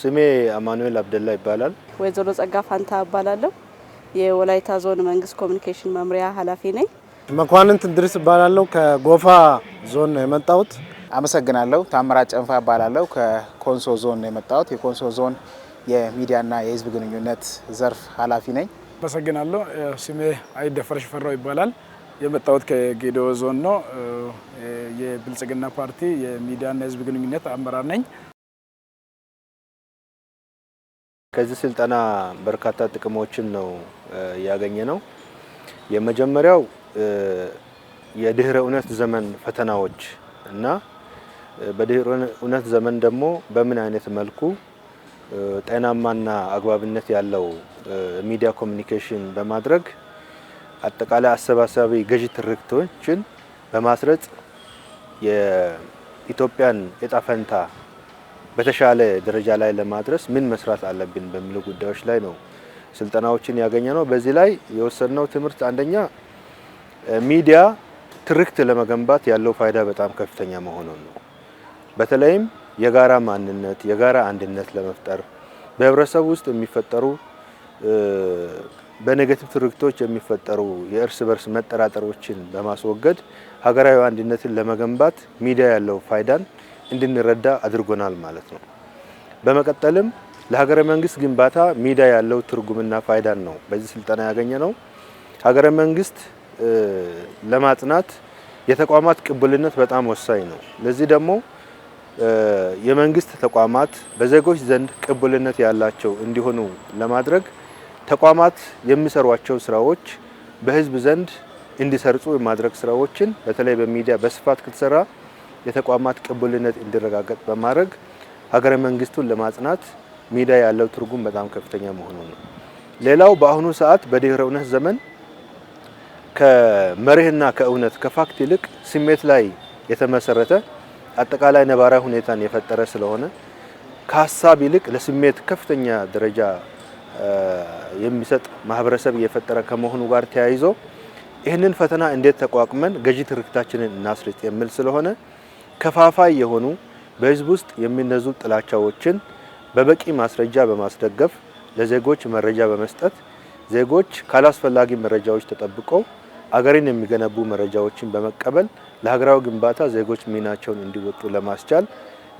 ስሜ አማኑኤል አብደላ ይባላል። ወይዘሮ ጸጋ ፋንታ እባላለሁ። የወላይታ ዞን መንግስት ኮሚኒኬሽን መምሪያ ኃላፊ ነኝ። መኳንንት እንድርስ እባላለሁ። ከጎፋ ዞን ነው የመጣሁት። አመሰግናለሁ። ታምራት ጨንፋ እባላለሁ። ከኮንሶ ዞን ነው የመጣሁት። የኮንሶ ዞን የሚዲያና የህዝብ ግንኙነት ዘርፍ ኃላፊ ነኝ። አመሰግናለሁ። ስሜ አይደፈረሽ ፈራው ይባላል። የመጣሁት ከጌዴኦ ዞን ነው። የብልጽግና ፓርቲ የሚዲያና የህዝብ ግንኙነት አመራር ነኝ። ከዚህ ስልጠና በርካታ ጥቅሞችን ነው ያገኘ ነው። የመጀመሪያው የድህረ እውነት ዘመን ፈተናዎች እና በድህረ እውነት ዘመን ደግሞ በምን አይነት መልኩ ጤናማና አግባብነት ያለው ሚዲያ ኮሚኒኬሽን በማድረግ አጠቃላይ አሰባሳቢ ገዢ ትርክቶችን በማስረጽ የኢትዮጵያን እጣ ፈንታ በተሻለ ደረጃ ላይ ለማድረስ ምን መስራት አለብን በሚሉ ጉዳዮች ላይ ነው ስልጠናዎችን ያገኘ ነው። በዚህ ላይ የወሰድነው ትምህርት አንደኛ ሚዲያ ትርክት ለመገንባት ያለው ፋይዳ በጣም ከፍተኛ መሆኑን ነው። በተለይም የጋራ ማንነት፣ የጋራ አንድነት ለመፍጠር በህብረተሰብ ውስጥ የሚፈጠሩ በኔጌቲቭ ትርክቶች የሚፈጠሩ የእርስ በርስ መጠራጠሮችን በማስወገድ ሀገራዊ አንድነትን ለመገንባት ሚዲያ ያለው ፋይዳን እንድንረዳ አድርጎናል ማለት ነው። በመቀጠልም ለሀገረ መንግስት ግንባታ ሚዳ ያለው ትርጉምና ፋይዳን ነው በዚህ ስልጠና ያገኘ ነው። ሀገረ መንግስት ለማጽናት የተቋማት ቅቡልነት በጣም ወሳኝ ነው። ለዚህ ደግሞ የመንግስት ተቋማት በዜጎች ዘንድ ቅቡልነት ያላቸው እንዲሆኑ ለማድረግ ተቋማት የሚሰሯቸው ስራዎች በህዝብ ዘንድ እንዲሰርጹ የማድረግ ስራዎችን በተለይ በሚዲያ በስፋት ከተሰራ የተቋማት ቅቡልነት እንዲረጋገጥ በማድረግ ሀገረ መንግስቱን ለማጽናት ሜዳ ያለው ትርጉም በጣም ከፍተኛ መሆኑ ነው። ሌላው በአሁኑ ሰዓት በድህረ እውነት ዘመን ከመርህና ከእውነት ከፋክት ይልቅ ስሜት ላይ የተመሰረተ አጠቃላይ ነባራዊ ሁኔታን የፈጠረ ስለሆነ ከሀሳብ ይልቅ ለስሜት ከፍተኛ ደረጃ የሚሰጥ ማህበረሰብ እየፈጠረ ከመሆኑ ጋር ተያይዞ ይህንን ፈተና እንዴት ተቋቁመን ገዢ ትርክታችንን እናስርጥ የሚል ስለሆነ ከፋፋይ የሆኑ በህዝብ ውስጥ የሚነዙ ጥላቻዎችን በበቂ ማስረጃ በማስደገፍ ለዜጎች መረጃ በመስጠት ዜጎች ካላስፈላጊ መረጃዎች ተጠብቀው አገርን የሚገነቡ መረጃዎችን በመቀበል ለሀገራዊ ግንባታ ዜጎች ሚናቸውን እንዲወጡ ለማስቻል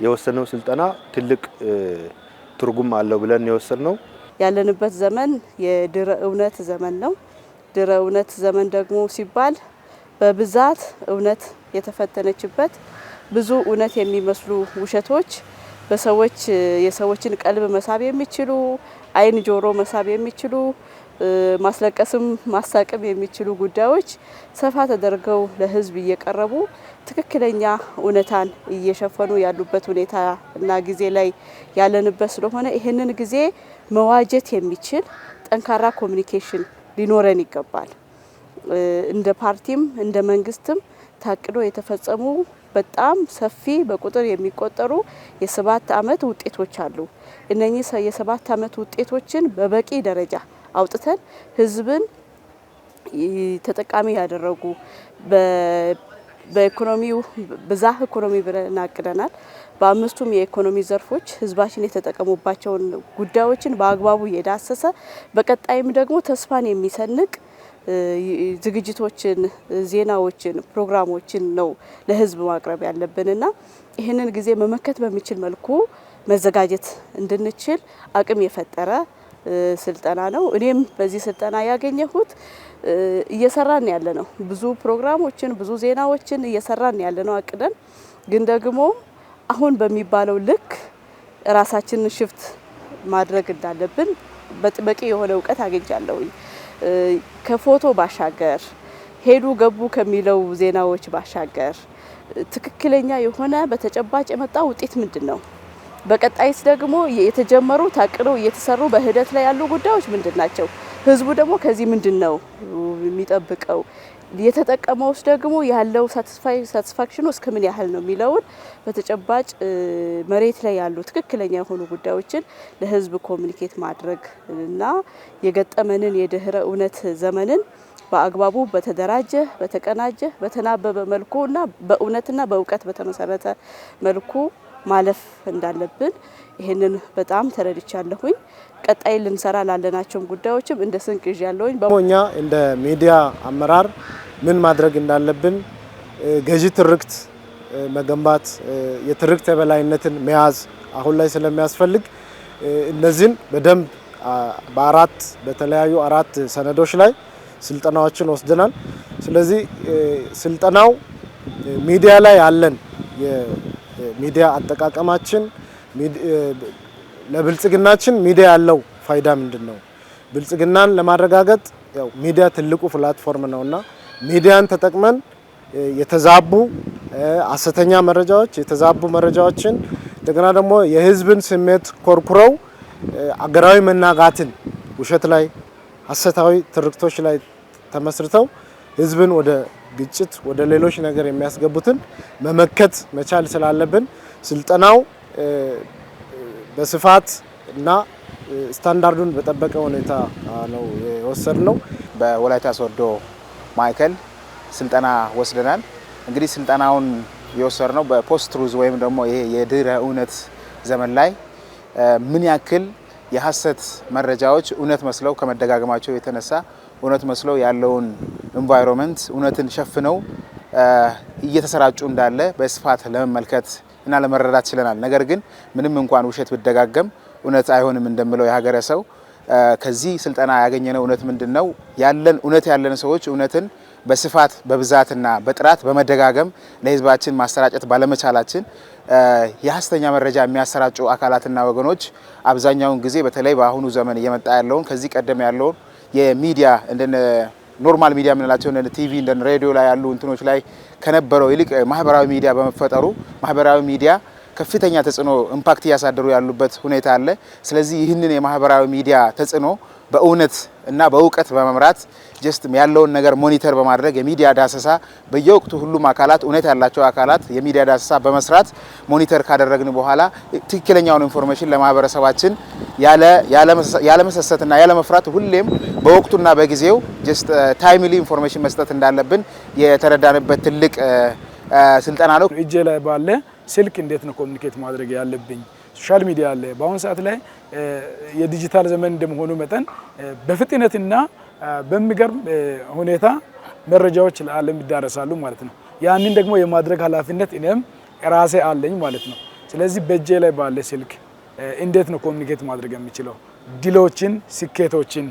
የወሰነው ስልጠና ትልቅ ትርጉም አለው ብለን የወሰድ ነው። ያለንበት ዘመን የድረ እውነት ዘመን ነው። ድረ እውነት ዘመን ደግሞ ሲባል በብዛት እውነት የተፈተነችበት ብዙ እውነት የሚመስሉ ውሸቶች በሰዎች የሰዎችን ቀልብ መሳብ የሚችሉ አይን ጆሮ መሳብ የሚችሉ ማስለቀስም ማሳቅም የሚችሉ ጉዳዮች ሰፋ ተደርገው ለሕዝብ እየቀረቡ ትክክለኛ እውነታን እየሸፈኑ ያሉበት ሁኔታ እና ጊዜ ላይ ያለንበት ስለሆነ ይህንን ጊዜ መዋጀት የሚችል ጠንካራ ኮሚኒኬሽን ሊኖረን ይገባል። እንደ ፓርቲም እንደ መንግስትም ታቅዶ የተፈጸሙ በጣም ሰፊ በቁጥር የሚቆጠሩ የሰባት አመት ውጤቶች አሉ። እነኚህ የሰባት አመት ውጤቶችን በበቂ ደረጃ አውጥተን ህዝብን ተጠቃሚ ያደረጉ በኢኮኖሚው ብዛህ ኢኮኖሚ ብለን አቅደናል። በአምስቱም የኢኮኖሚ ዘርፎች ህዝባችን የተጠቀሙባቸውን ጉዳዮችን በአግባቡ የዳሰሰ በቀጣይም ደግሞ ተስፋን የሚሰንቅ ዝግጅቶችን፣ ዜናዎችን፣ ፕሮግራሞችን ነው ለህዝብ ማቅረብ ያለብንና ይህንን ጊዜ መመከት በሚችል መልኩ መዘጋጀት እንድንችል አቅም የፈጠረ ስልጠና ነው። እኔም በዚህ ስልጠና ያገኘሁት እየሰራን ያለ ነው። ብዙ ፕሮግራሞችን፣ ብዙ ዜናዎችን እየሰራን ያለ ነው አቅደን ግን ደግሞ አሁን በሚባለው ልክ ራሳችንን ሽፍት ማድረግ እንዳለብን በቂ የሆነ እውቀት አግኝቻለሁኝ። ከፎቶ ባሻገር ሄዱ ገቡ ከሚለው ዜናዎች ባሻገር ትክክለኛ የሆነ በተጨባጭ የመጣ ውጤት ምንድን ነው? በቀጣይስ ደግሞ የተጀመሩ ታቅደው እየተሰሩ በሂደት ላይ ያሉ ጉዳዮች ምንድን ናቸው? ህዝቡ ደግሞ ከዚህ ምንድን ነው የሚጠብቀው? የተጠቀመውስ ደግሞ ያለው ሳቲስፋክሽኑ እስከ ምን ያህል ነው የሚለውን በተጨባጭ መሬት ላይ ያሉ ትክክለኛ የሆኑ ጉዳዮችን ለህዝብ ኮሚኒኬት ማድረግ እና የገጠመንን የድህረ እውነት ዘመንን በአግባቡ በተደራጀ፣ በተቀናጀ፣ በተናበበ መልኩ እና በእውነትና በእውቀት በተመሰረተ መልኩ ማለፍ እንዳለብን ይህንን በጣም ተረድቻለሁኝ። ቀጣይ ልንሰራ ላለናቸውም ጉዳዮችም እንደ ስንቅ ይዤ ያለሁኝ እኛ እንደ ሚዲያ አመራር ምን ማድረግ እንዳለብን ገዢ ትርክት መገንባት፣ የትርክት የበላይነትን መያዝ አሁን ላይ ስለሚያስፈልግ እነዚህን በደንብ በአራት በተለያዩ አራት ሰነዶች ላይ ስልጠናዎችን ወስደናል። ስለዚህ ስልጠናው ሚዲያ ላይ ያለን የሚዲያ አጠቃቀማችን ለብልጽግናችን ሚዲያ ያለው ፋይዳ ምንድን ነው? ብልጽግናን ለማረጋገጥ ያው ሚዲያ ትልቁ ፕላትፎርም ነውና ሚዲያን ተጠቅመን የተዛቡ አሰተኛ መረጃዎች፣ የተዛቡ መረጃዎችን እንደገና ደግሞ የህዝብን ስሜት ኮርኩረው አገራዊ መናጋትን ውሸት ላይ አሰታዊ ትርክቶች ላይ ተመስርተው ህዝብን ወደ ግጭት ወደ ሌሎች ነገር የሚያስገቡትን መመከት መቻል ስላለብን ስልጠናው በስፋት እና ስታንዳርዱን በጠበቀ ሁኔታ ነው የወሰድነው። በወላይታ ሶዶ ማዕከል ስልጠና ወስደናል። እንግዲህ ስልጠናውን ነው። በፖስት ትሩዝ ወይም ደግሞ ይሄ የድህረ እውነት ዘመን ላይ ምን ያክል የሀሰት መረጃዎች እውነት መስለው ከመደጋገማቸው የተነሳ እውነት መስለው ያለውን ኢንቫይሮንመንት እውነትን ሸፍነው እየተሰራጩ እንዳለ በስፋት ለመመልከት እና ለመረዳት ችለናል። ነገር ግን ምንም እንኳን ውሸት ብደጋገም እውነት አይሆንም እንደምለው የሀገረ ሰው ከዚህ ስልጠና ያገኘነው እውነት ምንድን ነው? ያለን እውነት ያለን ሰዎች እውነትን በስፋት በብዛትና በጥራት በመደጋገም ለህዝባችን ማሰራጨት ባለመቻላችን የሀሰተኛ መረጃ የሚያሰራጩ አካላትና ወገኖች አብዛኛውን ጊዜ በተለይ በአሁኑ ዘመን እየመጣ ያለውን ከዚህ ቀደም ያለውን የሚዲያ እንደ ኖርማል ሚዲያ የምንላቸው እንደ ቲቪ እንደ ሬዲዮ ላይ ያሉ እንትኖች ላይ ከነበረው ይልቅ ማህበራዊ ሚዲያ በመፈጠሩ ማህበራዊ ሚዲያ ከፍተኛ ተጽዕኖ ኢምፓክት እያሳደሩ ያሉበት ሁኔታ አለ። ስለዚህ ይህንን የማህበራዊ ሚዲያ ተጽዕኖ በእውነት እና በእውቀት በመምራት ጀስት ያለውን ነገር ሞኒተር በማድረግ የሚዲያ ዳሰሳ በየወቅቱ ሁሉም አካላት እውነት ያላቸው አካላት የሚዲያ ዳሰሳ በመስራት ሞኒተር ካደረግን በኋላ ትክክለኛውን ኢንፎርሜሽን ለማህበረሰባችን ያለመሰሰትና ያለመፍራት ሁሌም በወቅቱና በጊዜው ጀስት ታይምሊ ኢንፎርሜሽን መስጠት እንዳለብን የተረዳንበት ትልቅ uh, uh, ስልጠና ነው። እጄ ላይ ባለ ስልክ እንዴት ነው ኮሚኒኬት ማድረግ ያለብኝ፣ ሶሻል ሚዲያ አለ። በአሁኑ ሰዓት ላይ የዲጂታል ዘመን እንደመሆኑ መጠን በፍጥነትና በሚገርም ሁኔታ መረጃዎች ለዓለም ይዳረሳሉ ማለት ነው። ያንን ደግሞ የማድረግ ኃላፊነት እኔም ራሴ አለኝ ማለት ነው። ስለዚህ በእጄ ላይ ባለ ስልክ እንዴት ነው ኮሚኒኬት ማድረግ የሚችለው ድሎችን፣ ስኬቶችን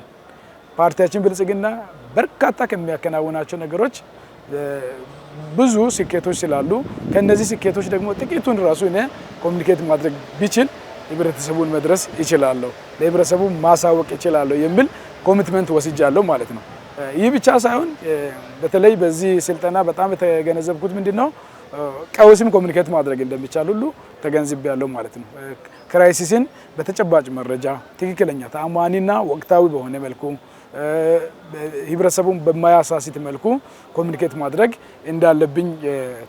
ፓርቲያችን ብልጽግና በርካታ ከሚያከናውናቸው ነገሮች ብዙ ስኬቶች ስላሉ ከነዚህ ስኬቶች ደግሞ ጥቂቱን ራሱ እኔ ኮሚኒኬት ማድረግ ቢችል ህብረተሰቡን መድረስ ይችላለሁ፣ ለህብረተሰቡ ማሳወቅ ይችላለሁ የሚል ኮሚትመንት ወስጃለሁ ማለት ነው። ይህ ብቻ ሳይሆን በተለይ በዚህ ስልጠና በጣም የተገነዘብኩት ምንድን ነው ቀውስም ኮሚኒኬት ማድረግ እንደሚቻል ሁሉ ተገንዝብ ያለው ማለት ነው። ክራይሲስን በተጨባጭ መረጃ ትክክለኛ ተአማኒና ወቅታዊ በሆነ መልኩ ህብረተሰቡን በማያሳስት መልኩ ኮሚኒኬት ማድረግ እንዳለብኝ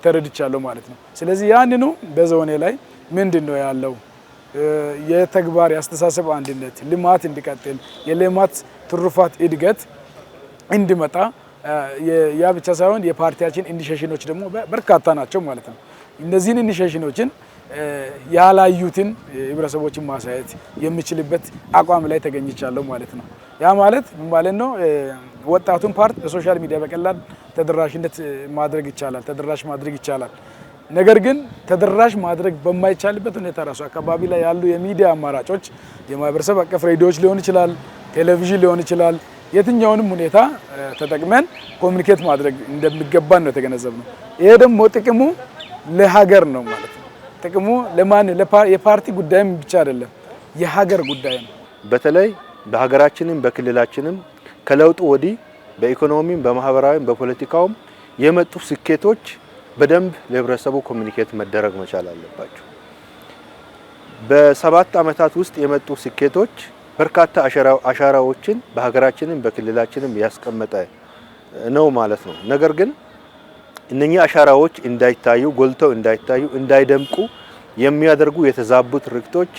ተረድቻለሁ ማለት ነው። ስለዚህ ያንኑ በዞኔ ላይ ምንድን ነው ያለው የተግባር የአስተሳሰብ አንድነት ልማት እንዲቀጥል የልማት ትሩፋት እድገት እንዲመጣ ያ ብቻ ሳይሆን የፓርቲያችን ኢኒሼሽኖች ደግሞ በርካታ ናቸው ማለት ነው። እነዚህን ኢኒሼሽኖችን ያላዩትን ህብረተሰቦችን ማሳየት የሚችልበት አቋም ላይ ተገኝቻለሁ ማለት ነው። ያ ማለት ምን ማለት ነው? ወጣቱን ፓርት በሶሻል ሚዲያ በቀላል ተደራሽነት ማድረግ ይቻላል፣ ተደራሽ ማድረግ ይቻላል። ነገር ግን ተደራሽ ማድረግ በማይቻልበት ሁኔታ ራሱ አካባቢ ላይ ያሉ የሚዲያ አማራጮች የማህበረሰብ አቀፍ ሬዲዮዎች ሊሆን ይችላል፣ ቴሌቪዥን ሊሆን ይችላል። የትኛውንም ሁኔታ ተጠቅመን ኮሚኒኬት ማድረግ እንደሚገባን ነው የተገነዘብነው። ይሄ ደግሞ ጥቅሙ ለሀገር ነው ማለት ነው። ጥቅሙ ለማን የፓርቲ ጉዳይም ብቻ አይደለም፣ የሀገር ጉዳይ ነው በተለይ በሀገራችንም በክልላችንም ከለውጡ ወዲህ በኢኮኖሚም በማህበራዊም በፖለቲካውም የመጡ ስኬቶች በደንብ ለህብረተሰቡ ኮሚኒኬት መደረግ መቻል አለባቸው። በሰባት ዓመታት ውስጥ የመጡ ስኬቶች በርካታ አሻራዎችን በሀገራችንም በክልላችንም ያስቀመጠ ነው ማለት ነው። ነገር ግን እነኚህ አሻራዎች እንዳይታዩ ጎልተው እንዳይታዩ እንዳይደምቁ የሚያደርጉ የተዛቡ ትርክቶች፣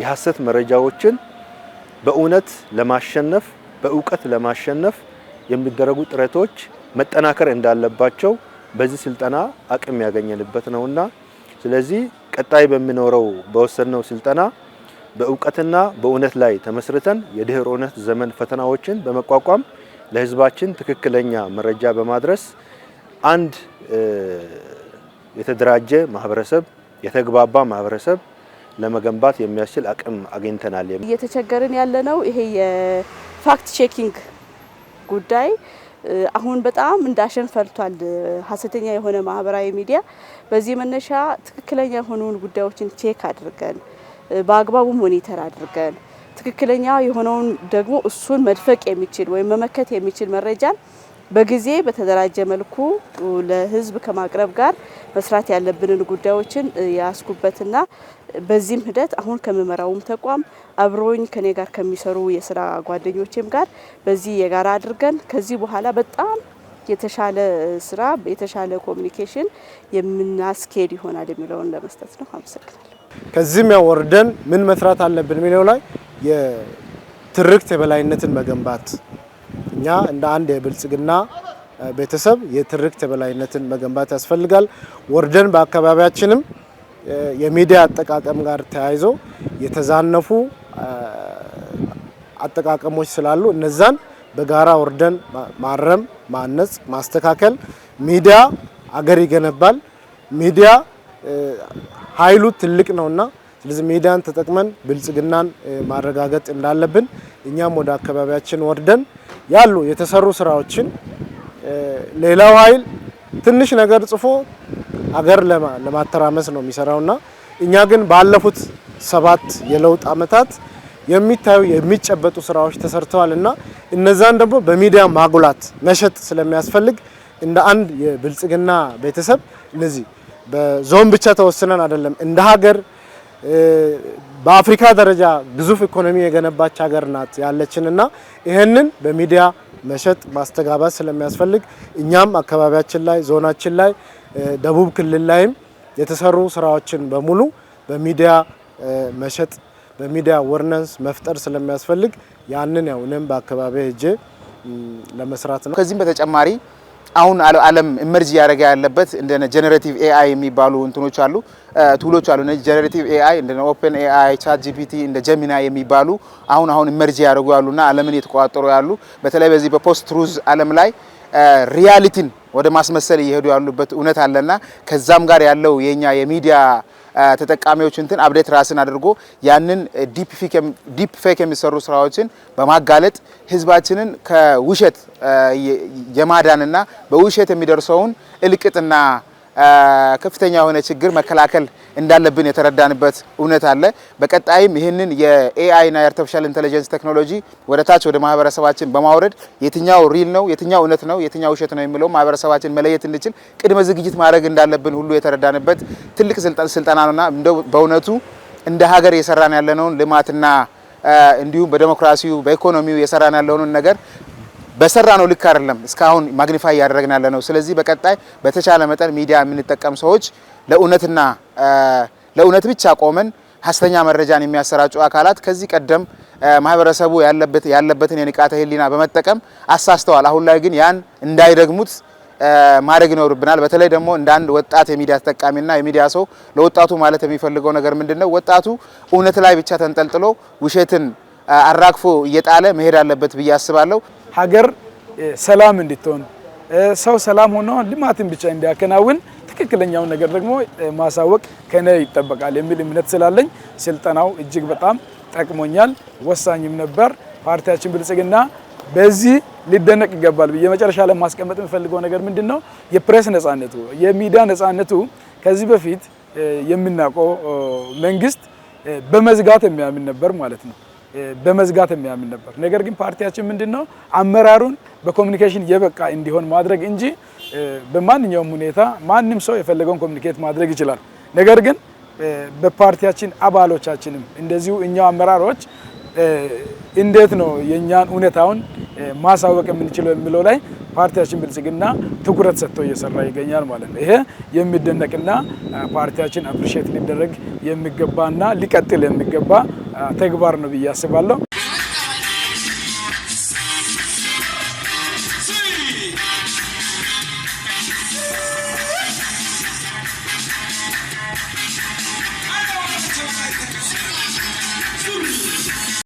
የሀሰት መረጃዎችን በእውነት ለማሸነፍ በእውቀት ለማሸነፍ የሚደረጉ ጥረቶች መጠናከር እንዳለባቸው በዚህ ስልጠና አቅም ያገኘንበት ነውና ስለዚህ ቀጣይ በሚኖረው በወሰድነው ስልጠና በእውቀትና በእውነት ላይ ተመስርተን የድህረ እውነት ዘመን ፈተናዎችን በመቋቋም ለህዝባችን ትክክለኛ መረጃ በማድረስ አንድ የተደራጀ ማህበረሰብ፣ የተግባባ ማህበረሰብ ለመገንባት የሚያስችል አቅም አግኝተናል። እየተቸገርን ያለነው ይሄ የፋክት ቼኪንግ ጉዳይ አሁን በጣም እንዳሸን ፈልቷል። ሀሰተኛ የሆነ ማህበራዊ ሚዲያ በዚህ መነሻ ትክክለኛ የሆነውን ጉዳዮችን ቼክ አድርገን በአግባቡ ሞኒተር አድርገን ትክክለኛ የሆነውን ደግሞ እሱን መድፈቅ የሚችል ወይም መመከት የሚችል መረጃን በጊዜ በተደራጀ መልኩ ለህዝብ ከማቅረብ ጋር መስራት ያለብንን ጉዳዮችን ያስኩበትና በዚህም ሂደት አሁን ከምመራውም ተቋም አብሮኝ ከኔ ጋር ከሚሰሩ የስራ ጓደኞቼም ጋር በዚህ የጋራ አድርገን ከዚህ በኋላ በጣም የተሻለ ስራ የተሻለ ኮሚኒኬሽን የምናስኬድ ይሆናል የሚለውን ለመስጠት ነው። አመሰግናለሁ። ከዚህም ያወርደን ወርደን ምን መስራት አለብን የሚለው ላይ የትርክት የበላይነትን መገንባት እኛ እንደ አንድ የብልጽግና ቤተሰብ የትርክት የበላይነትን መገንባት ያስፈልጋል። ወርደን በአካባቢያችንም የሚዲያ አጠቃቀም ጋር ተያይዞ የተዛነፉ አጠቃቀሞች ስላሉ እነዛን በጋራ ወርደን ማረም፣ ማነጽ፣ ማስተካከል። ሚዲያ አገር ይገነባል። ሚዲያ ኃይሉ ትልቅ ነውና ስለዚህ ሚዲያን ተጠቅመን ብልጽግናን ማረጋገጥ እንዳለብን እኛም ወደ አካባቢያችን ወርደን ያሉ የተሰሩ ስራዎችን ሌላው ኃይል ትንሽ ነገር ጽፎ አገር ለማተራመስ ነው የሚሰራውና እኛ ግን ባለፉት ሰባት የለውጥ አመታት የሚታዩ የሚጨበጡ ስራዎች ተሰርተዋል እና እነዛን ደግሞ በሚዲያ ማጉላት መሸጥ ስለሚያስፈልግ እንደ አንድ የብልጽግና ቤተሰብ እነዚህ በዞን ብቻ ተወስነን አይደለም እንደ ሀገር በአፍሪካ ደረጃ ግዙፍ ኢኮኖሚ የገነባች ሀገር ናት ያለችንና ይህንን በሚዲያ መሸጥ ማስተጋባት ስለሚያስፈልግ እኛም አካባቢያችን ላይ ዞናችን ላይ ደቡብ ክልል ላይም የተሰሩ ስራዎችን በሙሉ በሚዲያ መሸጥ በሚዲያ ወርነንስ መፍጠር ስለሚያስፈልግ ያንን ያው እኔም በአካባቢ ሄጄ ለመስራት ነው። ከዚህም በተጨማሪ አሁን ዓለም ኢመርጅ እያደረገ ያለበት እንደነ ጀነሬቲቭ ኤአይ የሚባሉ እንትኖች አሉ፣ ቱሎች አሉ። እነዚህ ጀነሬቲቭ ኤአይ እንደነ ኦፕን ኤአይ፣ ቻት ጂፒቲ፣ እንደ ጀሚና የሚባሉ አሁን አሁን ኢመርጅ እያደረጉ ያሉና ዓለምን እየተቆጣጠሩ ያሉ በተለይ በዚህ በፖስት ትሩዝ ዓለም ላይ ሪያሊቲን ወደ ማስመሰል እየሄዱ ያሉበት እውነት አለና ከዛም ጋር ያለው የኛ የሚዲያ ተጠቃሚዎች እንትን አብዴት ራስን አድርጎ ያንን ዲፕ ፌክ የሚሰሩ ስራዎችን በማጋለጥ ህዝባችንን ከውሸት የማዳንና በውሸት የሚደርሰውን እልቅጥና ከፍተኛ የሆነ ችግር መከላከል እንዳለብን የተረዳንበት እውነት አለ። በቀጣይም ይህንን የኤአይና የአርቲፊሻል ኢንቴሊጀንስ ቴክኖሎጂ ወደ ታች ወደ ማህበረሰባችን በማውረድ የትኛው ሪል ነው፣ የትኛው እውነት ነው፣ የትኛው ውሸት ነው የሚለው ማህበረሰባችን መለየት እንችል ቅድመ ዝግጅት ማድረግ እንዳለብን ሁሉ የተረዳንበት ትልቅ ስልጠና ነውና በእውነቱ እንደ ሀገር የሰራን ያለነውን ልማትና እንዲሁም በዴሞክራሲው በኢኮኖሚው የሰራን ያለውን ነገር በሰራ ነው ልክ አይደለም እስካሁን ማግኒፋይ እያደረግን ያለ ነው። ስለዚህ በቀጣይ በተቻለ መጠን ሚዲያ የምንጠቀም ሰዎች ለእውነትና ለእውነት ብቻ ቆመን ሀሰተኛ መረጃን የሚያሰራጩ አካላት ከዚህ ቀደም ማህበረሰቡ ያለበትን የንቃተ ህሊና በመጠቀም አሳስተዋል። አሁን ላይ ግን ያን እንዳይደግሙት ማድረግ ይኖርብናል። በተለይ ደግሞ እንደ አንድ ወጣት የሚዲያ ተጠቃሚና የሚዲያ ሰው ለወጣቱ ማለት የሚፈልገው ነገር ምንድን ነው? ወጣቱ እውነት ላይ ብቻ ተንጠልጥሎ ውሸትን አራግፎ እየጣለ መሄድ አለበት ብዬ አስባለሁ። ሀገር ሰላም እንድትሆን ሰው ሰላም ሆኖ ልማትን ብቻ እንዲያከናውን ትክክለኛውን ነገር ደግሞ ማሳወቅ ከነ ይጠበቃል የሚል እምነት ስላለኝ ስልጠናው እጅግ በጣም ጠቅሞኛል፣ ወሳኝም ነበር። ፓርቲያችን ብልጽግና በዚህ ሊደነቅ ይገባል ብዬ መጨረሻ ላይ ማስቀመጥ የምፈልገው ነገር ምንድን ነው? የፕሬስ ነጻነቱ፣ የሚዲያ ነጻነቱ ከዚህ በፊት የምናውቀው መንግስት በመዝጋት የሚያምን ነበር ማለት ነው። በመዝጋት የሚያምን ነበር። ነገር ግን ፓርቲያችን ምንድን ነው አመራሩን በኮሚኒኬሽን የበቃ እንዲሆን ማድረግ እንጂ በማንኛውም ሁኔታ ማንም ሰው የፈለገውን ኮሚኒኬት ማድረግ ይችላል። ነገር ግን በፓርቲያችን አባሎቻችንም እንደዚሁ እኛው አመራሮች እንዴት ነው የእኛን እውነታውን ማሳወቅ የምንችለው የሚለው ላይ ፓርቲያችን ብልጽግና ትኩረት ሰጥቶ እየሰራ ይገኛል ማለት ነው። ይሄ የሚደነቅና ፓርቲያችን አፕሪሼት ሊደረግ የሚገባና ሊቀጥል የሚገባ ተግባር ነው ብዬ አስባለሁ።